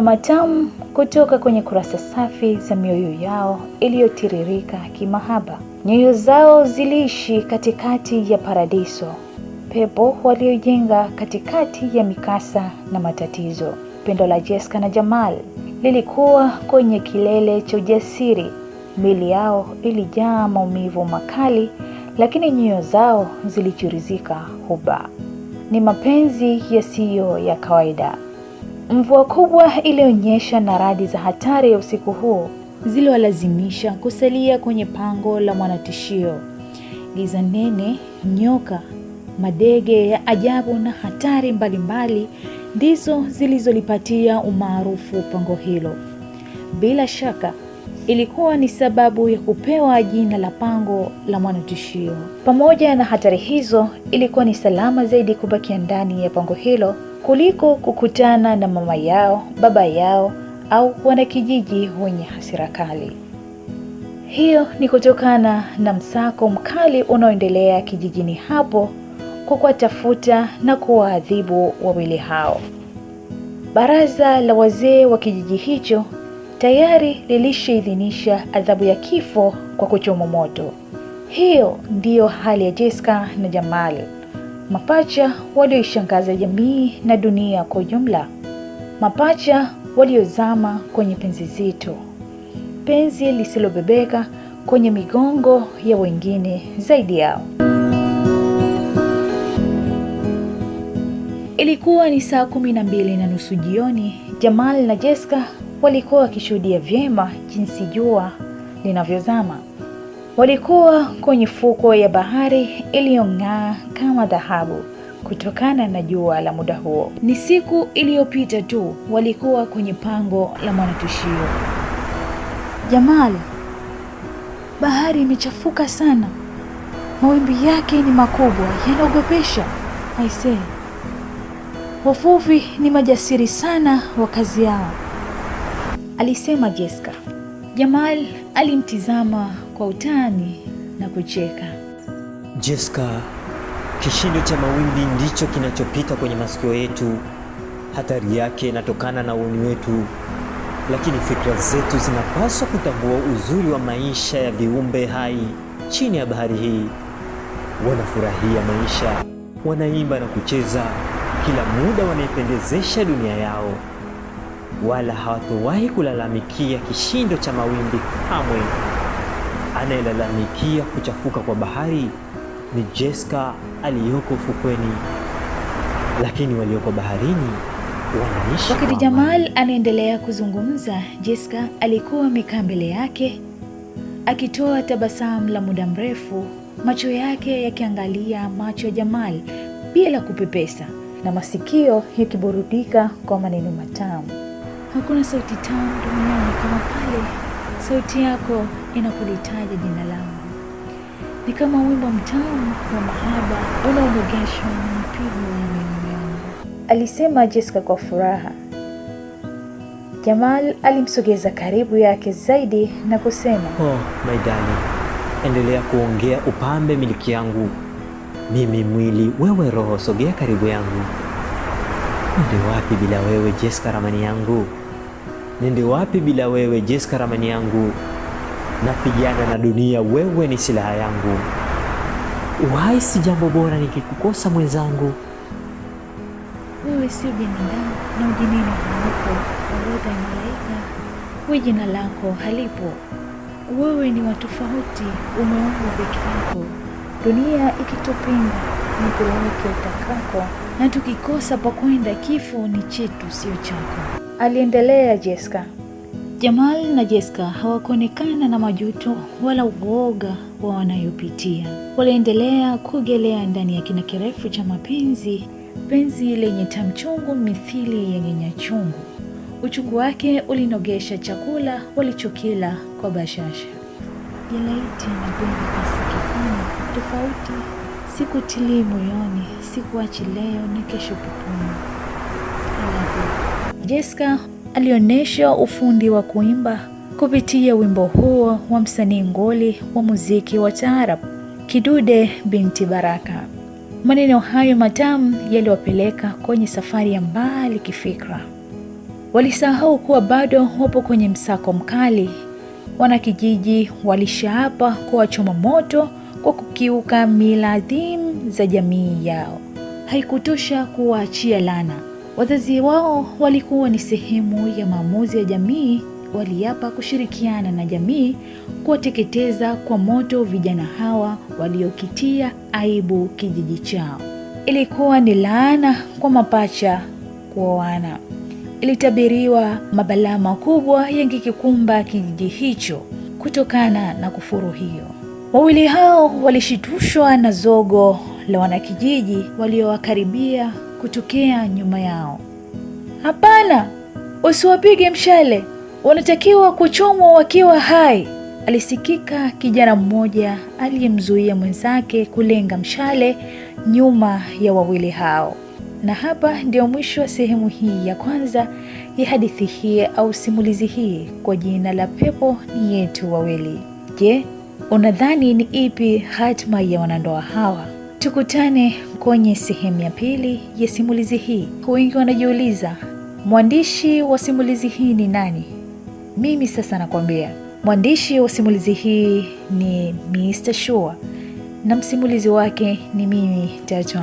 maneno matamu kutoka kwenye kurasa safi za mioyo yao iliyotiririka kimahaba. Nyoyo zao ziliishi katikati ya paradiso, pepo waliojenga katikati ya mikasa na matatizo. Pendo la Jeska na Jamal lilikuwa kwenye kilele cha ujasiri. Mili yao ilijaa maumivu makali, lakini nyoyo zao zilichirizika huba. Ni mapenzi yasiyo ya kawaida. Mvua kubwa iliyonyesha na radi za hatari ya usiku huo ziliwalazimisha kusalia kwenye pango la Mwanatishio. Giza nene, nyoka, madege ya ajabu na hatari mbalimbali ndizo zilizolipatia umaarufu pango hilo. Bila shaka ilikuwa ni sababu ya kupewa jina la pango la mwanatishio. Pamoja na hatari hizo, ilikuwa ni salama zaidi kubakia ndani ya pango hilo kuliko kukutana na mama yao, baba yao au wanakijiji wenye hasira kali. Hiyo ni kutokana na msako mkali unaoendelea kijijini hapo kwa kuwatafuta na kuwaadhibu wawili hao. Baraza la wazee wa kijiji hicho tayari lilishaidhinisha adhabu ya kifo kwa kuchomwa moto. Hiyo ndiyo hali ya Jessica na Jamal, mapacha walioishangaza jamii na dunia kwa ujumla, mapacha waliozama kwenye penzi zito, penzi lisilobebeka kwenye migongo ya wengine zaidi yao. Ilikuwa ni saa kumi na mbili na nusu jioni. Jamal na Jessica walikuwa wakishuhudia vyema jinsi jua linavyozama. Walikuwa kwenye fuko ya bahari iliyong'aa kama dhahabu kutokana na jua la muda huo. Ni siku iliyopita tu walikuwa kwenye pango la Mwanatushio. Jamal, bahari imechafuka sana, mawimbi yake ni makubwa, yanaogopesha. Aisee, wavuvi ni majasiri sana wa kazi yao alisema Jeska. Jamal alimtizama kwa utani na kucheka. Jeska, kishindo cha mawimbi ndicho kinachopita kwenye masikio yetu. Hatari yake inatokana na uoni wetu, lakini fikra zetu zinapaswa kutambua uzuri wa maisha ya viumbe hai chini ya bahari hii. Wanafurahia maisha, wanaimba na kucheza, kila muda wanaipendezesha dunia yao wala hawatowahi kulalamikia kishindo cha mawimbi kamwe. Anayelalamikia kuchafuka kwa bahari ni jeska aliyoko ufukweni, lakini walioko baharini wanaishi. Wakati Jamal anaendelea kuzungumza, Jeska alikuwa amekaa mbele yake akitoa tabasamu la muda mrefu, macho yake yakiangalia macho ya Jamal bila kupepesa na masikio yakiburudika kwa maneno matamu. Hakuna sauti tamu duniani kama pale sauti yako inapolitaja jina langu. Ni kama wimbo mtamu wa mahaba unaonogeshwa na mpigo wa mioyo wangu, alisema Jessica kwa furaha. Jamal alimsogeza karibu yake zaidi na kusema, oh, my darling, endelea kuongea upambe miliki yangu, mimi mwili, wewe roho, sogea karibu yangu. Ndio wapi bila wewe Jessica, ramani yangu? Nende wapi bila wewe? Jessica ramani yangu, napigana na dunia, wewe ni silaha yangu. Uhai si jambo bora, nikikukosa mwenzangu. Wewe sio binadamu na ujinini haupo, uoda malaika, we jina lako halipo. Wewe ni wa tofauti, umeumbwa peke yako, dunia ikitupinga ni kuloweke utakako, na tukikosa pa kwenda, kifo ni chetu, sio chako, aliendelea Jeska. Jamal na Jeska hawakuonekana na majuto wala uoga wa wanayopitia. Waliendelea kuogelea ndani ya kina kirefu cha mapenzi, penzi lenye tamchungu mithili ya nyanya chungu. Uchungu wake ulinogesha chakula walichokila kwa bashasha. Jelaiti na kwenda kasi kifuni tofauti Sikutilie moyoni, sikuachi leo na kesho pupuni. Jessica alionyesha ufundi wa kuimba kupitia wimbo huo wa msanii nguli wa muziki wa taarab Kidude binti Baraka. Maneno hayo matamu yaliwapeleka kwenye safari ya mbali kifikra. Walisahau kuwa bado wapo kwenye msako mkali. Wanakijiji walishaapa kuwachoma moto kwa kukiuka mila adhimu za jamii yao. Haikutosha kuwaachia laana, wazazi wao walikuwa ni sehemu ya maamuzi ya jamii. Waliapa kushirikiana na jamii kuwateketeza kwa moto vijana hawa waliokitia aibu kijiji chao. Ilikuwa ni laana kwa mapacha kuoana. Ilitabiriwa mabalaa makubwa yangekikumba kijiji hicho kutokana na kufuru hiyo. Wawili hao walishitushwa na zogo la wanakijiji waliowakaribia kutokea nyuma yao. Hapana, usiwapige mshale, wanatakiwa kuchomwa wakiwa hai, alisikika kijana mmoja aliyemzuia mwenzake kulenga mshale nyuma ya wawili hao. Na hapa ndio mwisho wa sehemu hii ya kwanza ya hadithi hii au simulizi hii kwa jina la Pepo ni Yetu Wawili. Je, Unadhani ni ipi hatima ya wanandoa hawa? Tukutane kwenye sehemu ya pili ya simulizi hii. Wengi wanajiuliza mwandishi wa simulizi hii ni nani? Mimi sasa nakwambia, mwandishi wa simulizi hii ni Mr. shua na msimulizi wake ni mimi Tatu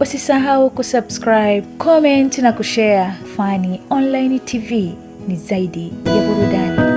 Usisahau kusubscribe, comment na kushare. Fani Online TV ni zaidi ya burudani.